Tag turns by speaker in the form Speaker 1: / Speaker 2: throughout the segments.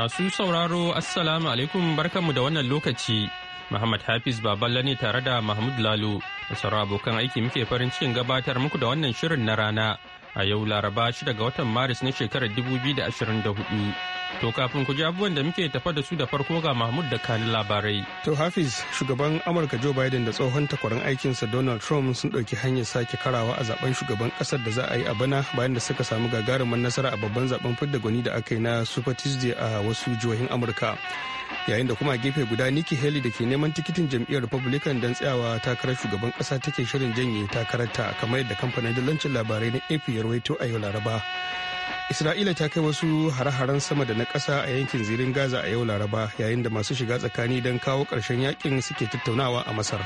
Speaker 1: Masu sauraro Assalamu alaikum barkanmu da wannan lokaci. Muhammad Hafiz Baballa ne tare da Mahmud Lalo. Sauran abokan aiki muke farin cikin gabatar muku da wannan shirin na rana a yau laraba shida ga watan maris na shekarar da da ashirin hudu to kafin ku ji abubuwan da muke tafa da su da farko ga mahmud da kani labarai to
Speaker 2: hafiz shugaban amurka joe biden da tsohon takwaran aikinsa donald trump sun ɗauki hanyar sake karawa a zaben shugaban ƙasar da za a yi a bana bayan da suka samu gagarumin nasara a babban zaben fidda gwani da aka yi na super tuesday a wasu jihohin amurka yayin da kuma gefe guda Nikki Haley da ke neman tikitin jam'iyyar Republican don tsayawa takarar shugaban kasa take shirin janye takararta kamar yadda kamfanin dalancin labarai na AP ya rawaito a yau laraba isra'ila ta kai wasu hare-haren sama da na ƙasa a yankin zirin gaza a yau laraba yayin da masu shiga tsakani don kawo ƙarshen yakin suke tattaunawa a masar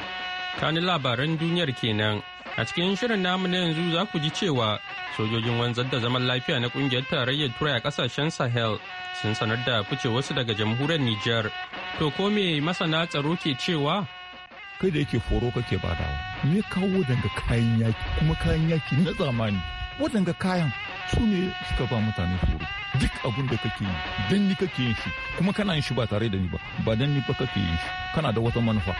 Speaker 1: ni labaran duniyar kenan a cikin shirin namu na yanzu za ku ji cewa sojojin wanzar da zaman lafiya na ƙungiyar tarayyar turai a kasashen sahel sun sanar da fice wasu daga jamhuriyar Nijar to ko me masana tsaro ke cewa kai da yake foro kake badawa
Speaker 3: me kawo daga kayan yaki kuma kayan yaki na zamani waɗanda kayan su ne suka ba mutane horo duk abin da kake yi don ni kake yin shi kuma kana yin shi ba tare da ni ba ba don ni ba kake yin shi kana da wata manufa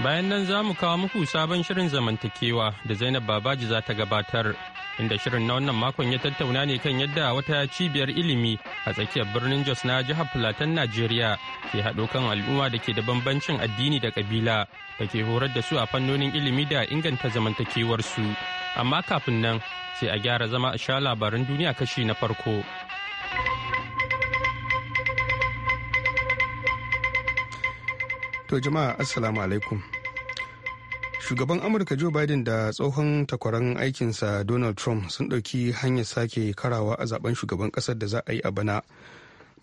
Speaker 1: Bayan nan za mu kawo muku sabon shirin zamantakewa da Zainab Babaji za ta gabatar, inda shirin na wannan makon ya tattauna ne kan yadda wata cibiyar ilimi a tsakiyar birnin Jos na jihar Filatan Najeriya ke haɗo kan al'umma da ke da bambancin addini da ƙabila da ke horar da su a fannonin ilimi da inganta zamantakewarsu. Amma kafin nan sai a gyara zama a sha labaran duniya kashi na farko.
Speaker 2: To jama'a assalamu alaikum. Shugaban Amurka Joe Biden da tsohon takwaran aikinsa Donald Trump sun ɗauki hanyar sake karawa a zaben shugaban ƙasar da za a yi a bana.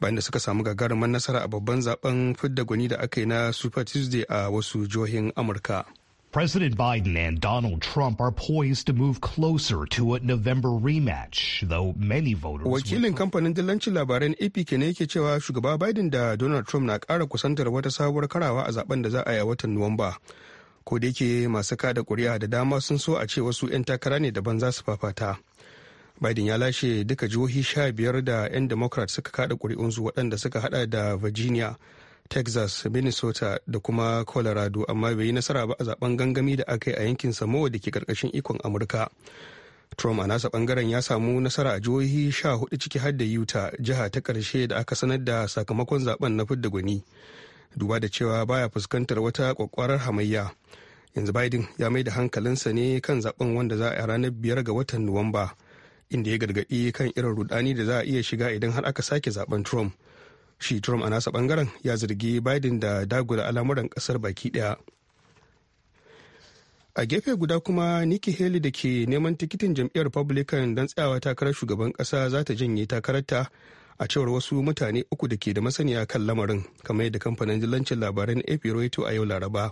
Speaker 2: Bayan da suka samu gagarumar nasara a babban zaben fidda gwani da aka yi na Super Tuesday a wasu jihohin Amurka. President Biden and Donald Trump are poised to move closer to a November rematch, though many voters. Wakilin kamfanin dillancin labaran AP ne yake cewa shugaba Biden da Donald Trump na ƙara kusantar wata sabuwar karawa a zaben da za a yi a watan Nuwamba. Ko da yake masu kada kuri'a da dama sun so a ce wasu 'yan takara ne daban za su fafata. Biden ya lashe duka jihohi sha biyar da 'yan Democrat suka kada ƙuri'unsu waɗanda suka hada da Virginia, texas minnesota da kuma colorado amma bai yi nasara ba a zaben gangami da aka yi a yankin samoa da ke karkashin ikon amurka trump a nasa bangaren ya samu nasara a jihohi sha hudu ciki har da utah jiha ta karshe da aka sanar da sakamakon zaben na fidda gwani duba da cewa baya fuskantar wata kwakwarar hamayya yanzu biden ya mai da hankalinsa ne kan zaben wanda za a ranar biyar ga watan nuwamba inda ya gargadi kan irin rudani da za a iya shiga idan har aka sake zaben trump shi trump a nasa bangaren ya zargi biden da dagula al'amuran kasar baki daya a gefe guda kuma nikki haley da ke neman tikitin jam'iyyar republican don tsayawa takarar shugaban kasa za ta janye takararta a cewar wasu mutane uku da ke da masaniya kan lamarin kamar yadda kamfanin dillancin labaran ap roito a yau laraba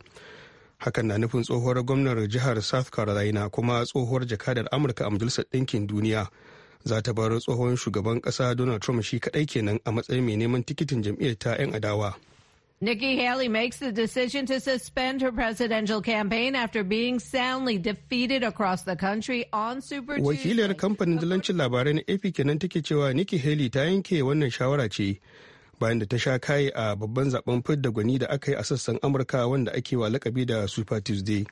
Speaker 2: hakan na nufin tsohuwar gwamnar jihar south carolina kuma tsohuwar jakadar amurka a majalisar ɗinkin duniya za ta bar tsohon shugaban kasa donald trump shi kaɗai kenan a matsayin mai neman tikitin jam'iyyar ta 'yan adawa
Speaker 4: Nikki Haley makes the decision to suspend her presidential campaign after being soundly defeated across the country on Super Tuesday.
Speaker 2: wakiliyar kamfanin dalancin labarai na AP kenan take cewa Nikki Haley ta yanke wannan shawara ce bayan da ta sha kaye a babban zaben fidda gwani da aka yi a sassan Amurka wanda ake wa lakabi da Super Tuesday.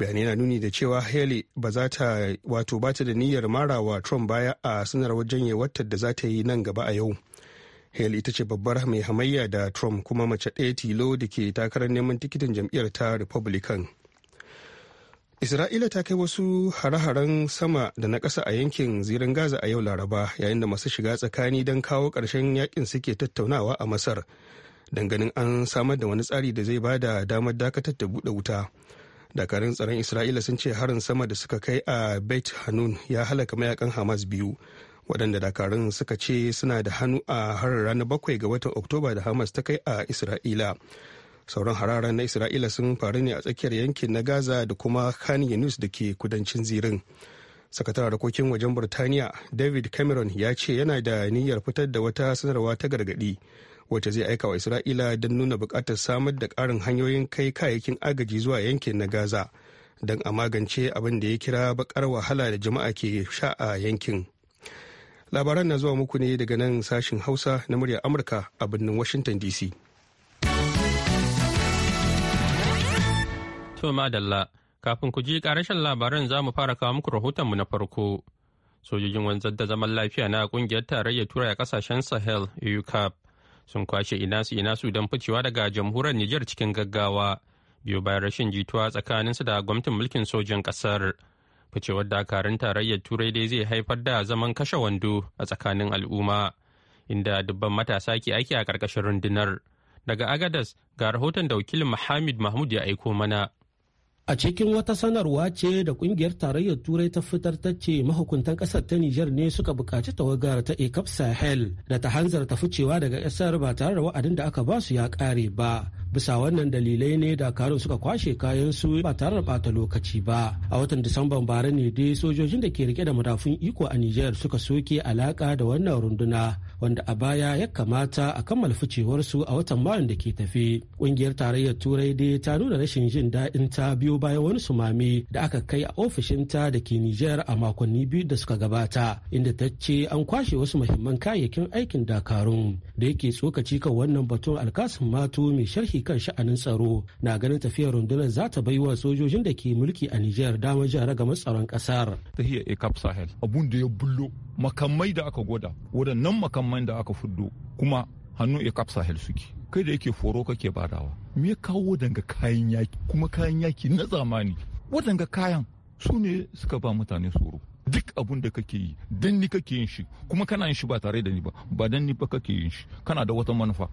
Speaker 2: bayanai na nuni da cewa haley ba za ta wato ba ta da niyyar mara wa trump baya a sanarwar janyewartar da za ta yi nan gaba a yau haley ita ce babbar mai hamayya da trump kuma mace ɗaya tilo da ke takarar neman tikitin jam'iyyar ta republican Isra'ila ta kai wasu hare-haren sama da na ƙasa a yankin zirin Gaza a yau Laraba yayin da masu shiga tsakani don kawo ƙarshen yakin suke tattaunawa a Masar. Danganin an samar da wani tsari da zai ba da damar dakatar da buɗe wuta. dakarun tsaron isra'ila sun ce harin sama da suka kai a beit hanun ya halaka mayakan hamas biyu waɗanda dakarun suka ce suna da hannu a harin ranar bakwai ga watan oktoba da hamas ta kai a isra'ila sauran hararen na isra'ila sun faru ne a tsakiyar yankin na gaza da kuma khan yunus da ke kudancin zirin sakataren harkokin wajen burtaniya david cameron ya ce yana da niyyar fitar da wata sanarwa ta gargaɗi wacce zai aika wa isra'ila don nuna bukatar samar da karin hanyoyin kai kayayyakin agaji zuwa yankin na gaza don a magance abin da ya kira bakar wahala da jama'a ke sha a yankin labaran na zuwa muku ne daga nan sashen hausa na muryar amurka a birnin washington dc
Speaker 1: dala kafin ku ji karashen labaran za mu fara kawo muku rahotonmu na farko sojojin wanzar da zaman lafiya na kungiyar tarayyar turai a kasashen sahel eucap sun kwashe inasu inasu don ficewa daga jamhuriyar Nijar cikin gaggawa biyu bayan rashin jituwa tsakaninsu da gwamnatin mulkin sojan ƙasar. Ficewar dakarun tarayyar Turai dai zai haifar da zaman kashe wando a tsakanin al'umma inda dubban matasa ke aiki a ƙarƙashin rundunar. Daga Agadas ga rahoton da wakilin Muhammad Mahmud ya aiko mana.
Speaker 5: A cikin wata sanarwa ce da kungiyar tarayyar Turai ta fitar ta ce mahukuntan kasar ta Nijar ne suka bukaci tawagar ta ECAP Sahel da ta hanzar ta ficewa daga kasar ba tare da wa'adin da aka ba su ya kare ba. Bisa wannan dalilai ne dakarun suka kwashe kayan su ba tare da bata lokaci ba. A watan Disamban bara ne dai sojojin da ke rike da madafun iko a Nijar suka soke alaka da wannan runduna wanda a baya ya kamata a kammala ficewarsu a watan mayun da ke tafe ƙungiyar tarayyar turai dai ta nuna rashin jin daɗin ta biyo bayan wani sumami da aka kai a ofishinta da ke nijar a makonni biyu da suka gabata inda ta ce an kwashe wasu muhimman kayayyakin aikin dakarun da yake tsokaci kan wannan batun alkasun mato mai sharhi kan sha'anin tsaro na ganin tafiyar rundunar za ta bai wa sojojin da ke mulki a nijar damar jan ragamar tsaron ƙasar.
Speaker 3: ta hiya sahel abun da ya bullo makamai da aka gwada waɗannan makamai man da aka fuddo kuma hannu ya kapsa hel suke kai da yake foro kake badawa me ya kawo danga kayan yaki kuma kayan yaki na zamani wadanga kayan su ne suka ba mutane tsoro duk abun da kake yi dan ni kake yin shi kuma kana yin shi ba tare da ni ba ba dan ni ba kake yin shi kana da wata manufa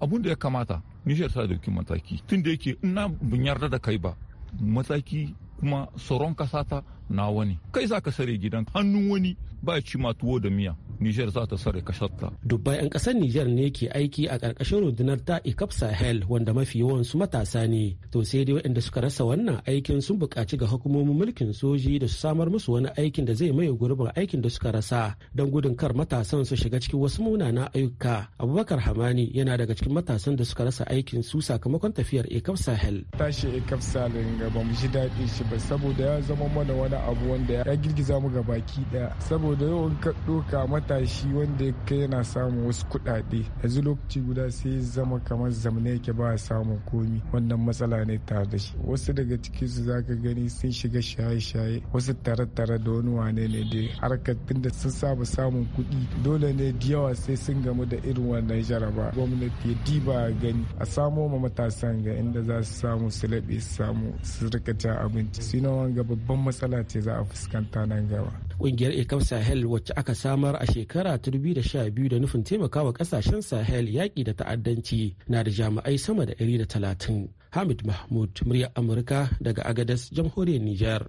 Speaker 3: abun da ya kamata nishiyar ta dauki mataki tun da yake ina bin yarda da kai ba mataki kuma tsaron kasa ta na wani kai za ka sare gidan hannun wani ba ci ma tuwo da miya Nijar za ta sare kasarta. Dubbai
Speaker 5: 'yan kasar Nijar ne ke aiki a ƙarƙashin rundunar ta Ikap Sahel wanda mafi yawan su matasa ne. To sai dai waɗanda suka rasa wannan aikin sun buƙaci ga hukumomin mulkin soji da su samar musu wani aikin da zai maye gurbin aikin da suka rasa don gudun kar matasan su shiga cikin wasu munanan ayyuka. Abubakar Hamani yana daga cikin matasan da suka rasa aikin su sakamakon tafiyar Ikap Sahel.
Speaker 3: Tashi Ikap Sahel ga ba ji daɗi shi ba saboda ya zama mana wani abu wanda ya
Speaker 6: girgiza mu ga baki daya saboda yawan in ka matashi wanda ya kai yana samun wasu kuɗaɗe yanzu lokaci guda sai zama kamar zamne yake ba samun komi wannan matsala ne tare da shi wasu daga cikin su zaka gani sun shiga shaye-shaye wasu tare-tare da wani wane ne dai harkar da sun saba samun kuɗi dole ne da yawa sai sun gamu da irin wannan jaraba gwamnati ya diba gani a samo ma matasan ga inda za su
Speaker 5: samu su laɓe su samu su rika abinci sinon ga babban matsala ce za a fuskanta nan gaba. Kungiyar Sahel wacce aka samar a shekara 2012 da nufin taimakawa kasashen Sahel yaƙi da ta'addanci na da jami'ai sama da 130. Hamid Mahmud, muryar Amurka daga Agadas, jamhuriyar Nijar.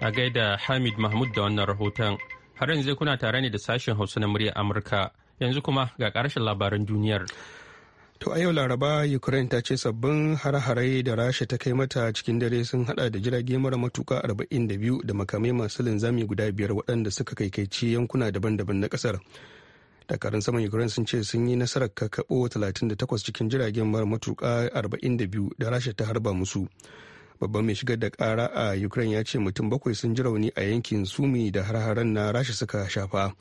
Speaker 1: A gaida Hamid Mahmud da wannan rahoton, har yanzu kuna tare ne da sashen Hausa na muryar Amurka, yanzu kuma ga ƙarshen labaran duniyar.
Speaker 2: To a yau Laraba Ukraine ta ce sabbin harharai da Rasha ta kai mata cikin dare sun hada da jirage mara matuka 42 da makamai masu linzami guda biyar waɗanda suka kaikaici yankuna daban-daban na ƙasar. Dakarun saman Ukraine sun ce sun yi nasarar kakaɓo 38 cikin jiragen mara matuka 42 da Rasha ta harba musu. Babban mai shigar da kara a Ukraine ya ce mutum bakwai sun ji rauni a yankin Sumi da har na Rasha suka shafa.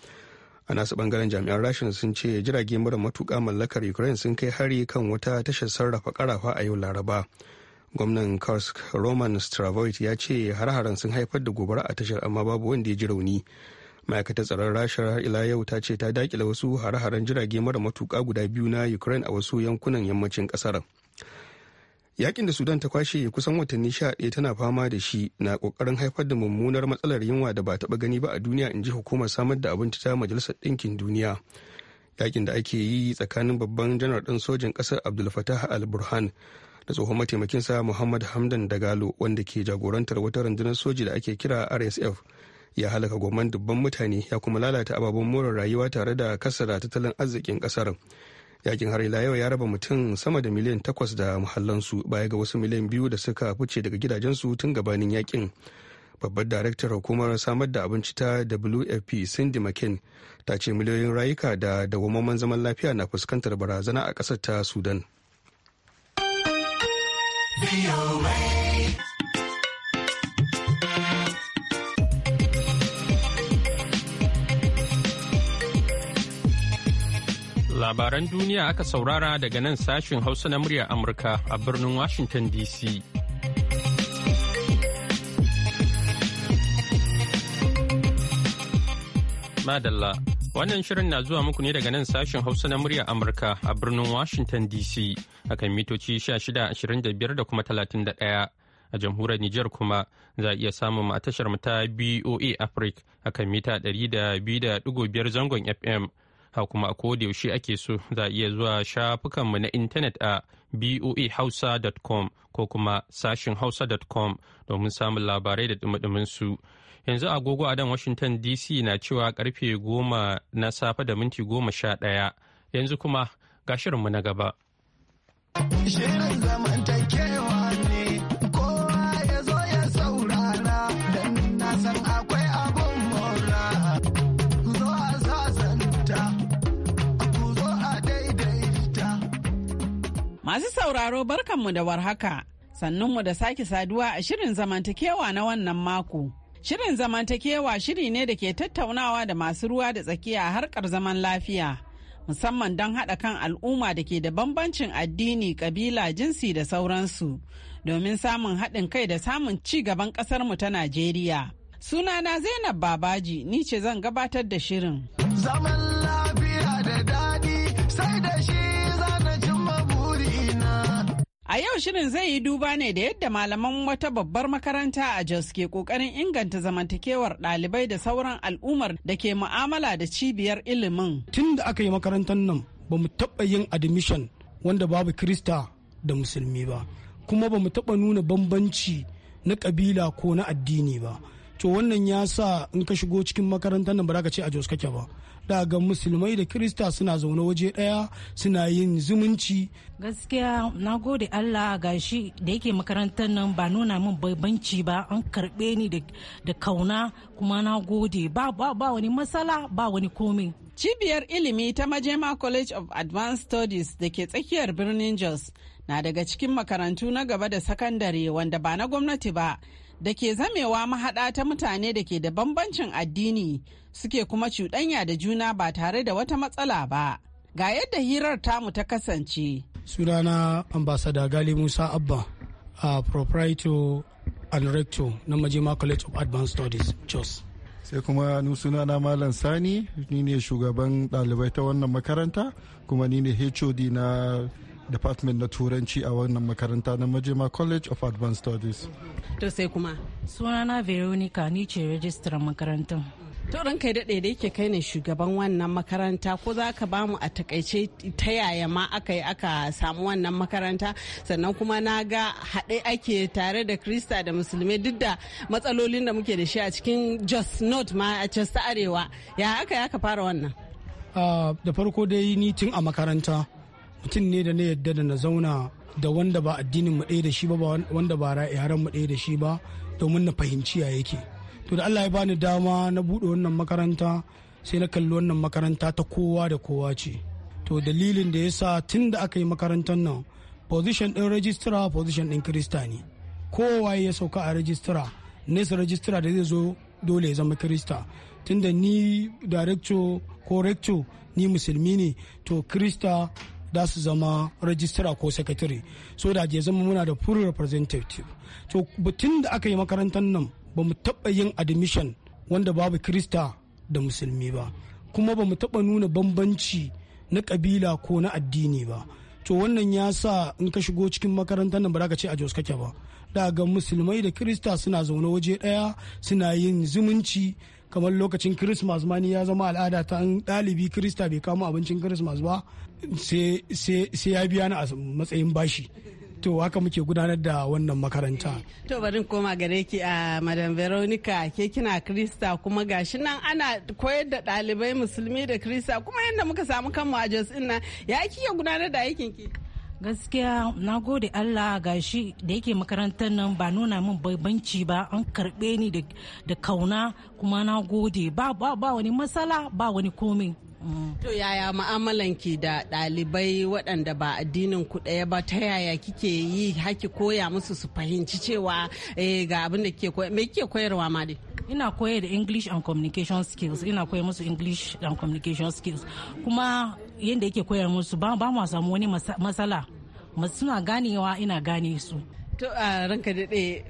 Speaker 2: a nasu bangaren jami'an rashin sun ce jirage mara matuka mallakar ukraine sun kai hari kan wata tashar sarrafa karafa a yau laraba gwamnan karsk roman stravoit ya ce har-haren sun haifar da gobara a tashar amma babu wanda ya ji rauni ma'aikatar tsaron rasha ila yau ta ce ta dakile wasu har-haren jirage mara matuka guda biyu na ukraine a wasu yankunan yammacin kasar yakin da sudan ta kwashe kusan watanni sha ɗaya tana fama da shi na kokarin haifar da mummunar matsalar yunwa da ba taɓa gani ba a duniya in ji hukumar samar da abinci ta majalisar ɗinkin duniya yakin da ake yi tsakanin babban janar ɗin sojin ƙasar abdul fatah al burhan da tsohon mataimakin mataimakinsa muhammad hamdan dagalo wanda ke jagorantar wata rundunar soji da ake kira rsf ya halaka goman dubban mutane ya kuma lalata ababen more rayuwa tare da kasara tattalin arzikin ƙasar. yakin har ila yau ya raba mutum sama da miliyan takwas da muhallansu baya ga wasu miliyan biyu da suka fice daga gidajensu tun gabanin yakin babbar daraktar hukumar samar da abinci ta wfp cindy mckin ta ce miliyoyin rayuka da dawwammamen zaman lafiya na fuskantar barazana a ƙasar ta sudan.
Speaker 1: Labaran duniya aka saurara daga nan sashin Hausa na murya Amurka a birnin Washington DC. Madalla, wannan shirin na zuwa muku ne daga nan sashin Hausa na murya Amurka a birnin Washington DC kan mitoci 1625 da kuma 31. a jamhuriyar Nijar kuma za a iya samun a tashar ta BOA Africa kan mita 200.5 zangon FM ha kuma a yaushe ake so za a iya zuwa shafukanmu na intanet a boehausa.com ko kuma sashin hausa.com domin samun labarai da dumi su yanzu agogo a dan washington dc na cewa karfe goma na safe da minti goma sha ɗaya yanzu kuma gashirinmu na gaba.
Speaker 6: Shirin
Speaker 4: Masu sauraro barkanmu da warhaka, sannunmu da sake saduwa a shirin zamantakewa na wannan mako. Shirin zamantakewa shiri ne da ke tattaunawa da masu ruwa da tsakiya a harkar zaman lafiya, musamman don haɗa kan al'umma da ke da bambancin addini, ƙabila, jinsi da sauransu, domin samun haɗin kai da samun ci gaban ƙasarmu ta Najeriya. Sunana Zainab Babaji, ni ce zan gabatar da shirin.
Speaker 6: Zaman
Speaker 4: A yau shirin zai yi duba ne da yadda malaman wata babbar makaranta a Jos ke kokarin inganta zamantakewar ɗalibai da sauran al'ummar da ke mu'amala da cibiyar ilimin.
Speaker 6: Tun da aka yi makarantar nan ba mu taɓa yin admission wanda babu Krista da Musulmi ba, kuma ba mu taɓa nuna bambanci na ƙabila ko na addini ba. To wannan ya sa in ka shigo cikin makarantar nan ba za ka ce a Jos kake ba, da ga musulmai da kirista suna zaune waje ɗaya suna yin zumunci
Speaker 7: gaskiya na gode allah gashi da yake makarantar nan ba nuna min bambanci ba an karɓe ni da kauna kuma na gode ba wani matsala ba wani komi cibiyar
Speaker 4: ilimi ta majema college of advanced studies da ke tsakiyar birnin jos na daga cikin makarantu na gaba da sakandare wanda ba na gwamnati ba da ke zamewa mahaɗa ta mutane da ke da bambancin addini suke kuma cuɗanya da juna ba tare da wata matsala ba. Ga yadda hirar tamu ta kasance.
Speaker 6: Sunana ambasada Gali Musa Abba a proprietor and rector na Majima College of
Speaker 8: Advanced Studies, Jos. sai kuma ni sunana malam sani ni ne shugaban ɗalibai ta wannan makaranta kuma ni ne hod na department na turanci a wannan makaranta na majema college of advanced studies
Speaker 7: to sai kuma sunana veronica ni ce rajistar makarantar
Speaker 4: to kai daɗe da yake kai ne shugaban wannan makaranta ko za ka bamu a takaice ta yaya ma aka yi aka samu wannan makaranta sannan kuma na ga haɗe ake tare da krista da musulmai duk da matsalolin da muke da shi a cikin jos north ma a cesta arewa ya aka ya ka fara wannan
Speaker 6: ah, da farko dai ni tun a makaranta mutum ne da na yadda da na zauna da wanda ba addinin mu ɗaya da shi ba wanda ba yaran mu ɗaya da shi ba domin na fahimci ya yake to da Allah ya bani dama na buɗe wannan makaranta sai na kalli wannan makaranta ta kowa da kowa ce to dalilin da yasa tun da aka yi makarantar nan position din registrar position ɗin kirista ne kowa ya sauka a rajistra nesa registrar da zai zo dole ya zama kirista tunda ni director ko rector ni musulmi ne to kirista da su zama rajistara ko sakatare so da ya zama muna da full representative to batun da aka yi makarantar nan ba mu taɓa yin admission wanda babu krista da musulmi ba kuma ba mu taɓa nuna bambanci na ƙabila ko na addini ba to wannan ya sa in ka shigo cikin makarantar nan ba za ka ce a jos kake ba daga musulmai da krista suna zaune waje ɗaya suna yin zumunci kamar lokacin christmas ma ni ya zama al'ada ta an ɗalibi krista bai kama abincin christmas ba sai ya biya ni a matsayin bashi to haka muke gudanar da wannan makaranta.
Speaker 4: To barin koma gare ki a ah, Madam Veronica ke kina Krista kuma gashi nan ana koyar da ɗalibai musulmi da Krista kuma yadda muka samu kanmu a Jos ɗin nan ya kike gudanar da aikin ki? gaskiya na gode
Speaker 7: allah shi da yake makarantar nan ba nuna min banci ba an karbe ni da kauna kuma na gode ba wani matsala ba wani komi
Speaker 4: To yaya mu'amalan ki da ɗalibai waɗanda ba addinin ku ɗaya ba ta yaya kike yi haki koya musu su fahimci cewa eh, ga abin da kike koyarwa me kike koyarwa ma dai?
Speaker 7: Ina koyar da English and communication skills ina koyar musu English and communication skills kuma yadda yake koyar musu ba ma samu wani matsala suna ganewa ina gane su
Speaker 4: To a ranka daɗe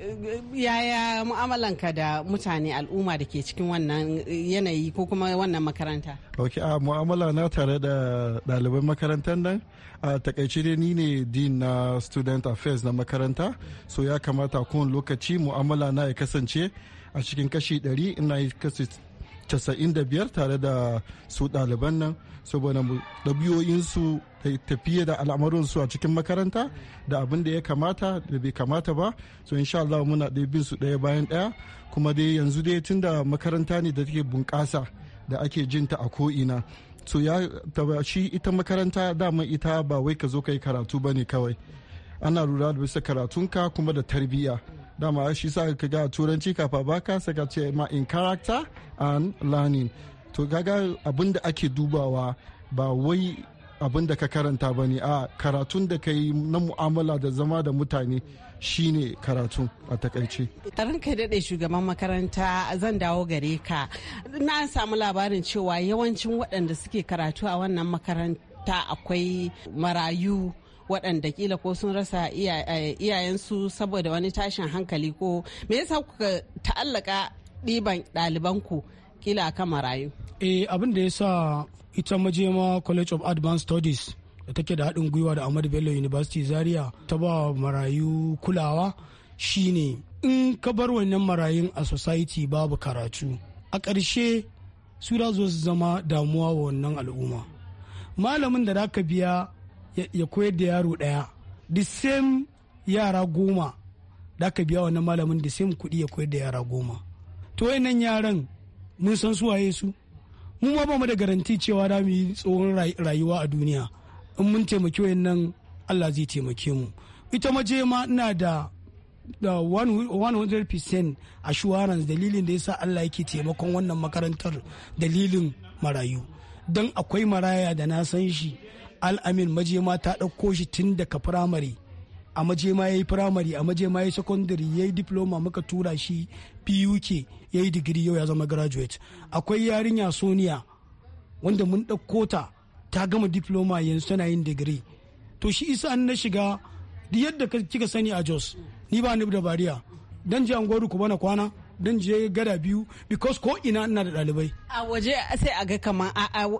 Speaker 4: yaya mu'amalanka da mutane al'umma da ke cikin wannan yanayi ko kuma wannan makaranta?
Speaker 8: Ok, a mu'amala na tare da ɗaliban makarantar nan a takaice dai ni ne din na student affairs na makaranta so ya kamata kowane lokaci mu'amala na ya kasance a cikin kashi 100 ina yi 95 tare da su ɗaliban nan saboda ɗabiyoyinsu tafiye da al'amuransu a cikin makaranta da abin da ya kamata da bai kamata ba so insha Allah muna ɗaya bin su ɗaya bayan ɗaya kuma dai yanzu dai tun da makaranta ne da take bunƙasa da ake jinta a ko'ina so ya shi ita makaranta dama ita ba wai ka zo ka yi karatu ba ne kawai ana lura da bisa karatunka kuma da tarbiyya dama shi sa ka ga turanci kafa baka sai ka ce ma in character and learning to gaga abin da ake dubawa ba wai abin da ka karanta ba ne a karatun da ka yi na mu'amala da zama da mutane shine karatu a takaice.
Speaker 4: Tarin kai daɗe shugaban makaranta zan dawo gare ka. Na samu labarin cewa yawancin waɗanda suke karatu a wannan makaranta akwai marayu waɗanda kila ko sun rasa eh, iyayensu saboda wani tashin hankali ko me yasa kuka ta'allaka ɗiban ɗalibanku kila kan marayu
Speaker 6: eh abin da ya sa ita majema college of advanced studies da take da haɗin gwiwa da ahmadu bello university zaria ta ba marayu kulawa shine in ka bar wannan marayun a society babu karatu a ƙarshe su da zo su zama damuwa wa wannan al'umma malamin da za ka biya ya koyar da yaro ɗaya the same yara goma da aka biya wani malamin the same kuɗi ya koyar da yara goma to wayannan yaran mun san su waye su mu ma ba da garanti cewa da mu yi tsohon rayuwa a duniya in mun taimaki wayannan Allah zai taimake mu ita maje ma ina da da 100% assurance dalilin da yasa Allah yake taimakon wannan makarantar dalilin marayu don akwai maraya da na san shi al'amin majema ta ɗauko shi tun daga firamare a majema ya yi firamare a majema ya yi secondary ya yi diploma muka tura shi puk ya yi digiri yau ya zama graduate akwai yarinya soniya wanda mun ɗauko ta ta gama diploma yanzu tana yin digiri to shi isa an na shiga yadda kika sani a jos ni ba ni da bariya dan je angwaru ku bana kwana dan je gada biyu because ko ina ina da dalibai
Speaker 4: a waje sai a ga kamar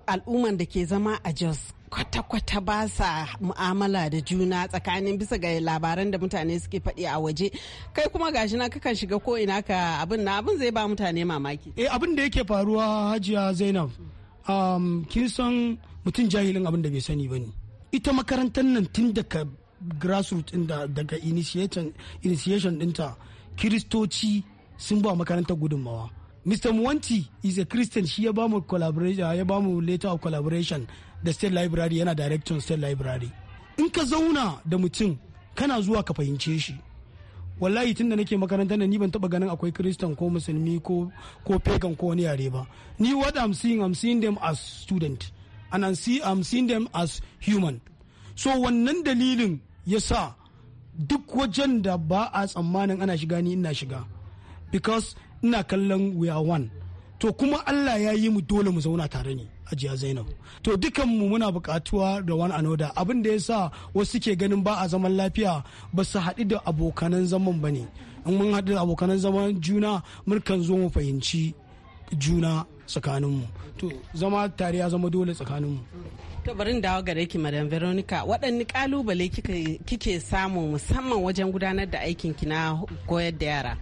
Speaker 4: al'umman da ke zama a jos kwata-kwata ba sa mu'amala da juna tsakanin bisa ga labaran da mutane suke faɗi a waje kai kuma gashi na kakan shiga ko ina ka abin na abin zai ba mutane mamaki
Speaker 6: eh abin da yake faruwa hajiya zainab um, kin san mutum jahilin abin da bai sani ba ne ita makarantar nan tun daga grassroots inda daga initiation initiation dinta kiristoci sun ba makarantar gudunmawa Mr. Mwanti is a Christian shi ya bamu collaboration ya mu letter of collaboration da state library yana director state library in ka zauna da mutum kana zuwa ka fahimce shi wallahi tunda nake makaranta da ni ban taba ganin akwai kristan ko musulmi ko ko pagan ko wani yare ba ni what i'm seeing i'm seeing them as student and i'm, see, I'm seeing them as human so wannan dalilin yasa duk wajen da ba a tsammanin ana shiga ni ina shiga because ina kallon we are one to kuma Allah ya yi mu dole mu zauna tare ne ajiya zainab to mu muna buƙatuwa da wani anoda abin da ya sa wasu ke ganin ba a zaman lafiya ba su haɗu da abokanan zaman ba ne in mun haɗu da abokanan zaman juna murkan zo mu fahimci juna tsakaninmu to zama tare ya zama dole tsakaninmu
Speaker 4: to bari dawo gare ki madam veronica waɗanne kalubale kike samu musamman wajen gudanar da aikin ki na koyar da yara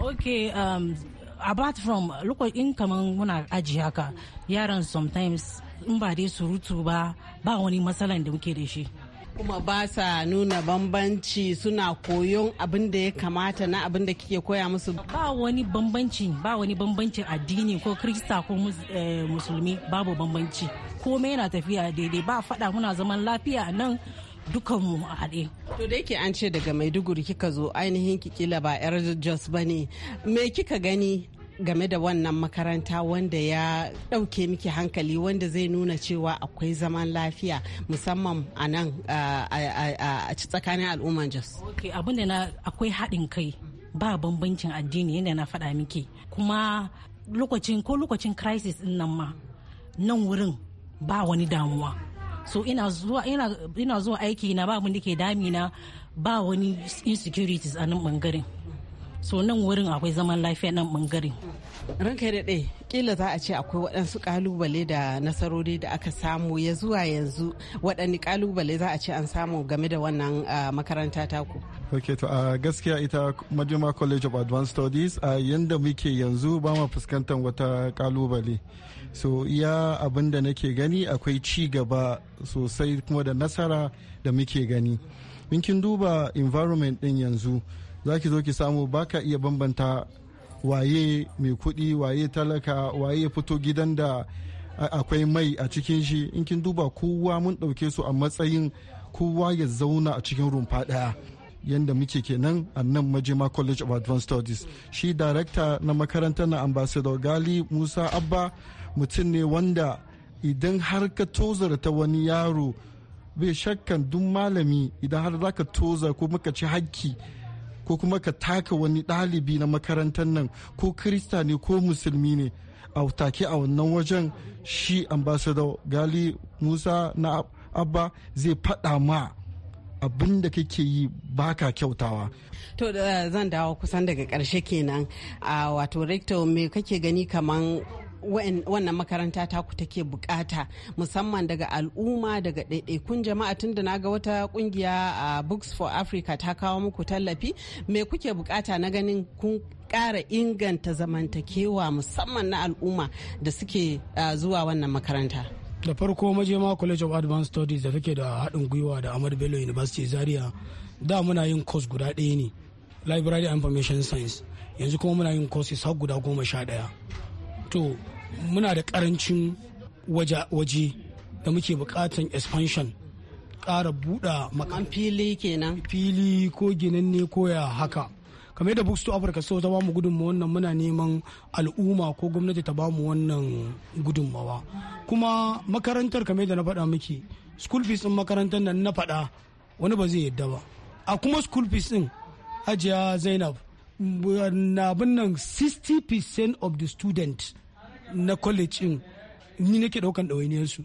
Speaker 7: okay um, apart from in kaman muna aji haka yaran sometimes in ba dai surutu ba ba wani matsalan da muke da shi
Speaker 4: kuma ba sa nuna bambanci suna koyon abin da ya kamata na abin da kike koya musu ba wani bambanci
Speaker 7: ba wani bambancin addini ko krista ko eh, musulmi babu bambanci komai yana tafiya daidai ba fada muna zaman lafiya nan dukanmu a haɗe.
Speaker 4: To da yake an ce daga Maiduguri kika zo ainihin kikila ba 'yar Jos ba ne. Me kika gani game da wannan makaranta wanda ya ɗauke miki hankali wanda zai nuna cewa akwai zaman lafiya musamman a nan a tsakanin al'umman
Speaker 7: Jos. Ok, abin da na akwai haɗin kai ba bambancin addini yadda na faɗa miki kuma lokacin ko lokacin crisis ɗin nan ma nan wurin ba wani damuwa. so ina zuwa aiki na ba mun da ke damina ba wani insecurities a nan bangaren so nan wurin akwai zaman lafiya nan bangare
Speaker 4: ranka da ɗai kila za a ce akwai waɗansu kalubale da nasarori da aka samu ya zuwa yanzu waɗanne kalubale za a ce an samu game da wannan makaranta taku
Speaker 8: ok to a gaskiya ita majima college of advanced studies a yadda muke yanzu ba ma fuskantar wata kalubale so iya abin da nake gani akwai ci gaba sosai kuma da nasara da muke gani in duba environment din yanzu za ki zo ki samu ba ka iya bambanta waye mai kuɗi waye talaka waye ya fito gidan da akwai mai a cikin shi in kin duba kowa mun ɗauke su a matsayin kowa ya zauna a cikin rumfa ɗaya yadda muke kenan a nan majima college of advanced studies shi darakta na makarantar na ambassador gali musa abba mutum ne wanda idan har ka ta wani yaro bai shakkan duk malami idan har za ka toza ko muka ci hakki ko kuma ka taka wani ɗalibi na makarantar nan ko kirista ne ko musulmi ne a take a wannan wajen shi ambassador gali musa na abba zai faɗa ma abin da kake yi baka kyautawa.
Speaker 4: To eh, zan dawo kusan daga karshe kenan a ah, wato rector me kake gani kaman wannan makaranta ta ku take bukata musamman daga al'umma daga ɗaiɗaikun jama'a tun da na ga wata kungiya a books for africa ta kawo muku tallafi me kuke bukata na ganin kun kara inganta zamantakewa musamman na al'umma da suke zuwa wannan makaranta da farko
Speaker 6: majema college of advanced studies da take da haɗin gwiwa da ahmad bello university zaria da muna yin course guda ɗaya ne library information science yanzu kuma muna yin courses har guda goma sha ɗaya to muna da karancin waje da muke bukatan expansion Kara buɗa makan fili kenan fili ko ginanne ko ya haka kamar yadda books to africa so ta bamu gudunmu wannan muna neman al'umma ko gwamnati ta bamu wannan gudunmawa kuma makarantar kamar yadda na faɗa miki school fees din makarantar nan na faɗa wani ba zai yadda ba a kuma school fees din hajiya zainab na abin nan 60% of the student na college in ni nake daukan ɗawainiyarsu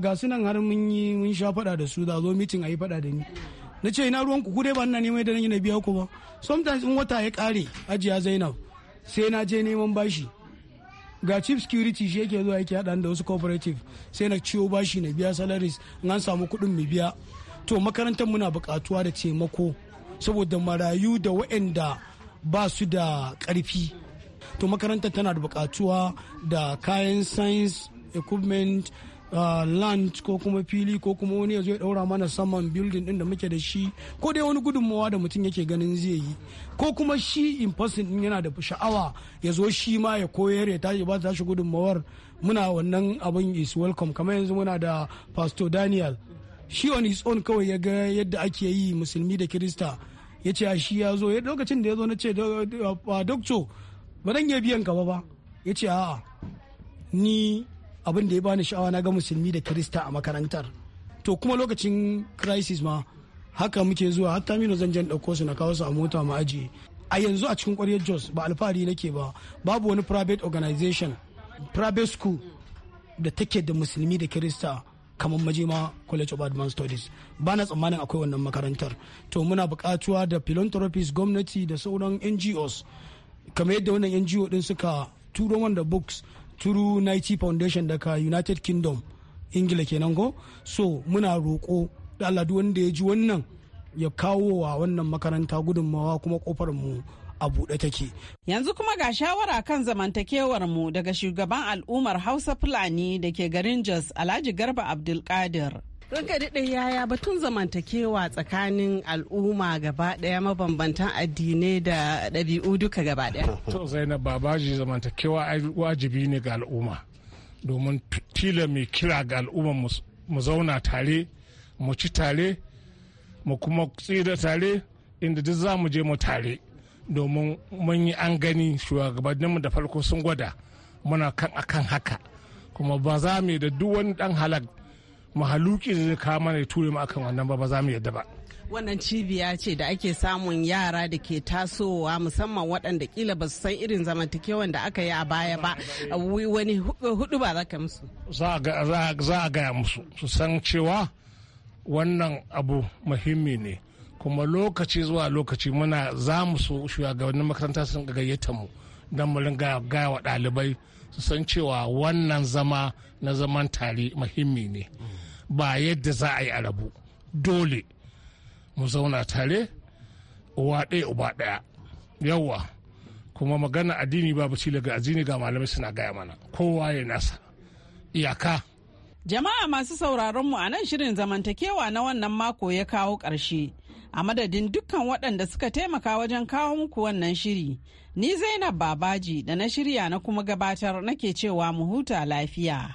Speaker 6: ga su nan har mun yi mun sha fada da su za zo mitin a yi faɗa da ni na ce ina ruwan ku dai ba ina neman da na biya ku ba sometimes in wata ya kare ajiya zainab sai na je neman bashi ga chief security shi yake zuwa yake haɗa da wasu cooperative sai na ciwo bashi na biya salaries in an samu kuɗin mu biya to makarantar muna buƙatuwa da taimako saboda marayu da waɗanda ba su da ƙarfi to makaranta tana da buƙatuwa da kayan science equipment Uh, land ko kuma fili ko kuma wani ya zo ya daura mana saman building din da muke da shi ko dai wani gudunmawa da mutum yake ganin zai yi ko kuma shi in person din yana da sha'awa ya zo shi ma ya koyar ya tashi ba ta shi gudunmawar muna wannan abin is welcome kamar yanzu muna da pastor daniel shi on his own kawai ya ga yadda ake yi musulmi da kirista ya ce shi ya zo lokacin da ya zo na ce dokto ba dan iya biyan ka ba ba ya ce a'a ni abin da ya bani sha'awa na ga musulmi da kirista a makarantar to kuma lokacin crisis ma haka muke zuwa hatta mino zan jan ɗauko su na kawo su a mota ma aji. a yanzu a cikin ƙwaryar jos ba alfahari nake ba babu wani private organization private school da take da musulmi da kirista kamar majima college of advanced studies ba na tsammanin akwai wannan makarantar to muna buƙatuwa da philanthropies gwamnati da sauran ngos kamar yadda wannan ngo din suka turo wanda books turu naiti foundation daga united kingdom ingila kenan ko so muna roƙo da wanda ya ji wannan ya kawo wa wannan makaranta gudunmawa kuma kofar mu a buɗe take.
Speaker 4: Yanzu kuma ga shawara kan zamantakewar mu daga shugaban al'ummar Hausa Fulani da ke garin Jos Alhaji Garba Abdulkadir. ranka daɗe yaya batun zamantakewa tsakanin al'umma gaba ɗaya mabambantan addinai da ɗabi'u duka gaba ɗaya. to zainab
Speaker 3: babaji zamantakewa wajibi ne ga al'umma domin tila mai kira ga al'umma mu zauna tare mu ci tare mu kuma tsira tare inda duk za mu je mu tare domin mun yi an gani shugabanninmu da farko sun gwada muna kan akan haka kuma ba za mu da duk wani dan halak mahaluki zai ka mana ya ture mu akan wannan ba ba za mu yadda ba
Speaker 4: wannan cibiya ce da ake samun yara da ke tasowa musamman waɗanda kila ba su san irin zamantakewan da aka yi a baya ba wani hudu ba za ka musu
Speaker 3: za a gaya musu su san cewa wannan abu muhimmi ne kuma lokaci zuwa lokaci muna za mu so shugabannin makaranta sun gayyata mu don mu ringa gaya wa ɗalibai su san cewa wannan zama na zaman tare muhimmi ne ba yadda za a yi a rabu dole mu zauna tare uwa ɗaya uba ɗaya yawa kuma magana addini ba ci daga addini ga malamai suna gaya mana kowa ya nasa
Speaker 4: iyaka jama'a masu sauraron mu a nan shirin zamantakewa na wannan mako ya kawo ƙarshe a madadin dukkan waɗanda suka taimaka wajen kawo muku wannan shiri. Ni Zainab Babaji da na shirya na kuma gabatar nake cewa mu huta lafiya.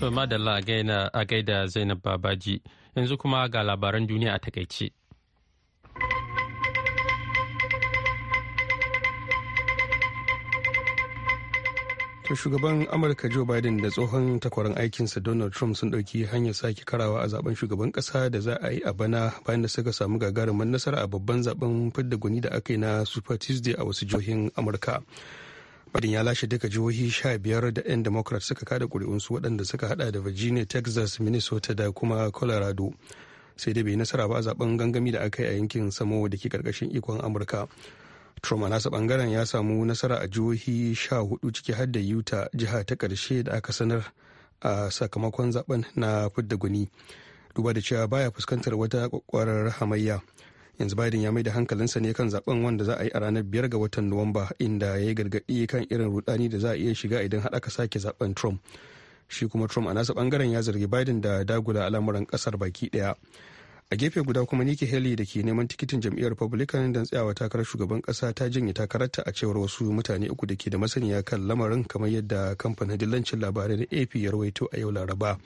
Speaker 1: To madalla a gaida Zainab Babaji yanzu kuma ga labaran duniya a takaice.
Speaker 2: to shugaban amurka joe biden da tsohon takwaran aikinsa donald trump sun ɗauki hanyar sake karawa a zaben shugaban ƙasa da za a yi a bana bayan da suka samu gagarumin nasara a babban zaben fidda gwani da aka yi na super tuesday a wasu jihohin amurka biden ya lashe duka jihohi sha biyar da 'yan democrat suka kada kuri'unsu waɗanda suka hada da virginia texas minnesota da kuma colorado sai dai bai nasara ba a zaben gangami da aka yi a yankin samowa da ke karkashin ikon amurka Trump a nasa bangaren ya samu nasara a jihohi sha hudu ciki har da Utah jiha ta karshe da aka sanar a sakamakon zaben na fidda guni Duba da cewa baya fuskantar wata kwakwarar hamayya. Yanzu Biden ya mai da hankalinsa ne kan zaben wanda za a yi a ranar biyar ga watan Nuwamba inda ya yi gargaɗi kan irin rudani da za a iya shiga idan hada aka sake zaben Trump. Shi kuma Trump a nasa bangaren ya zargi Biden da dagula al'amuran kasar baki ɗaya. a gefe guda kuma Nikki heli da ke neman tikitin jam'iyyar Republican don tsayawa takarar shugaban kasa ta janye takararta a cewar wasu mutane uku da ke da masaniya kan lamarin kamar yadda kamfanin dillancin labarai na AP ya rawaito a yau Laraba.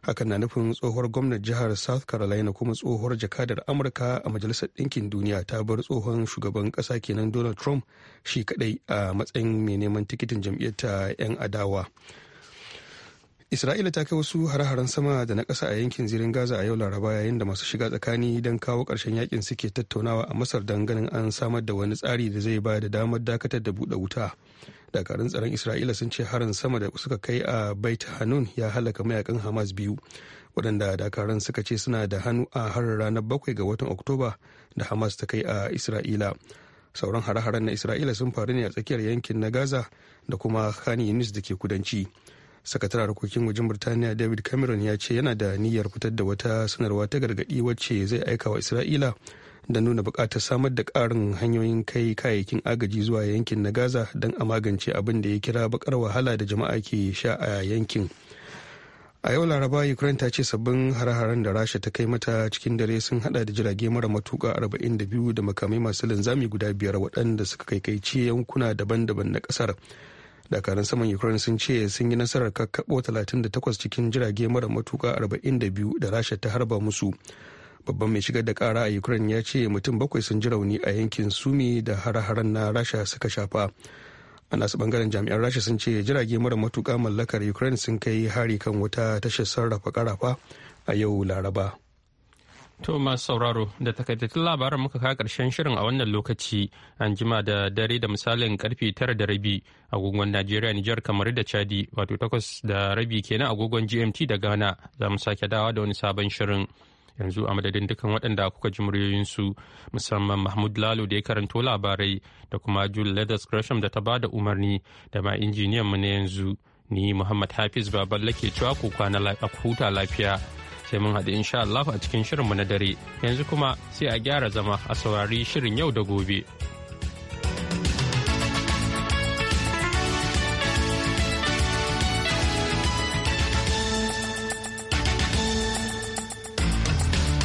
Speaker 2: Hakan na nufin tsohuwar gwamnar jihar South Carolina kuma tsohuwar jakadar Amurka a Majalisar Ɗinkin Duniya ta bar tsohon shugaban kasa kenan Donald Trump shi kaɗai a matsayin mai neman tikitin jam'iyyar ta 'yan adawa. isra'ila ta kai wasu hare sama da na ƙasa a yankin zirin gaza a yau laraba yayin da masu shiga tsakani don kawo ƙarshen yakin suke tattaunawa a masar don ganin an samar da wani tsari da zai ba da damar dakatar da buɗe wuta dakarun tsaron isra'ila sun ce harin sama da suka kai a bait hanun ya halaka mayakan hamas biyu waɗanda dakarun suka ce suna da hannu a har ranar bakwai ga watan oktoba da hamas ta kai a isra'ila sauran hare-haren na isra'ila sun faru ne a tsakiyar yankin na gaza da kuma khan yunis da ke kudanci sakataren harkokin wajen birtaniya david cameron ya ce yana da niyyar fitar da wata sanarwa ta gargaɗi wacce zai aika wa isra'ila da nuna buƙatar samar da ƙarin hanyoyin kai kayayyakin agaji zuwa yankin na gaza don a magance abin da ya kira bakar wahala da jama'a ke sha a yankin a yau laraba ukraine ta ce sabbin hare-haren da rasha ta kai mata cikin dare sun hada da jirage mara matuka 42 da makamai masu linzami guda biyar waɗanda suka kaikaici yankuna daban-daban na ƙasar dakarun saman ukraine sun ce sun yi nasarar kakkaɓo 38 cikin jirage mara matuka 42 da rasha ta harba musu babban mai shigar da kara a ukraine ya ce mutum bakwai sun ji rauni a yankin sumi da hararren haren na rasha suka shafa a nasu bangaren jami'an rasha sun ce jirage mara matuka mallakar ukraine sun kai hari kan wata tashar sarrafa karafa a yau laraba
Speaker 1: To masu sauraro da takaitattun labaran muka kawo karshen shirin a wannan lokaci an jima da dare da misalin karfe tara da rabi agogon Najeriya Nijar kamar da Chadi wato takwas da rabi kenan agogon GMT da Ghana za mu sake dawa da wani sabon shirin. yanzu a madadin dukkan waɗanda kuka ji muryoyinsu musamman mahmud lalo da ya karanto labarai da kuma jule leathers gresham da ta ba da umarni da ma injiniyan mu na yanzu ni muhammad hafiz babalake cewa ku kwana a huta lafiya sai mun haɗu insha Allah a cikin shirinmu na dare yanzu kuma sai a gyara zama a saurari shirin yau da gobe.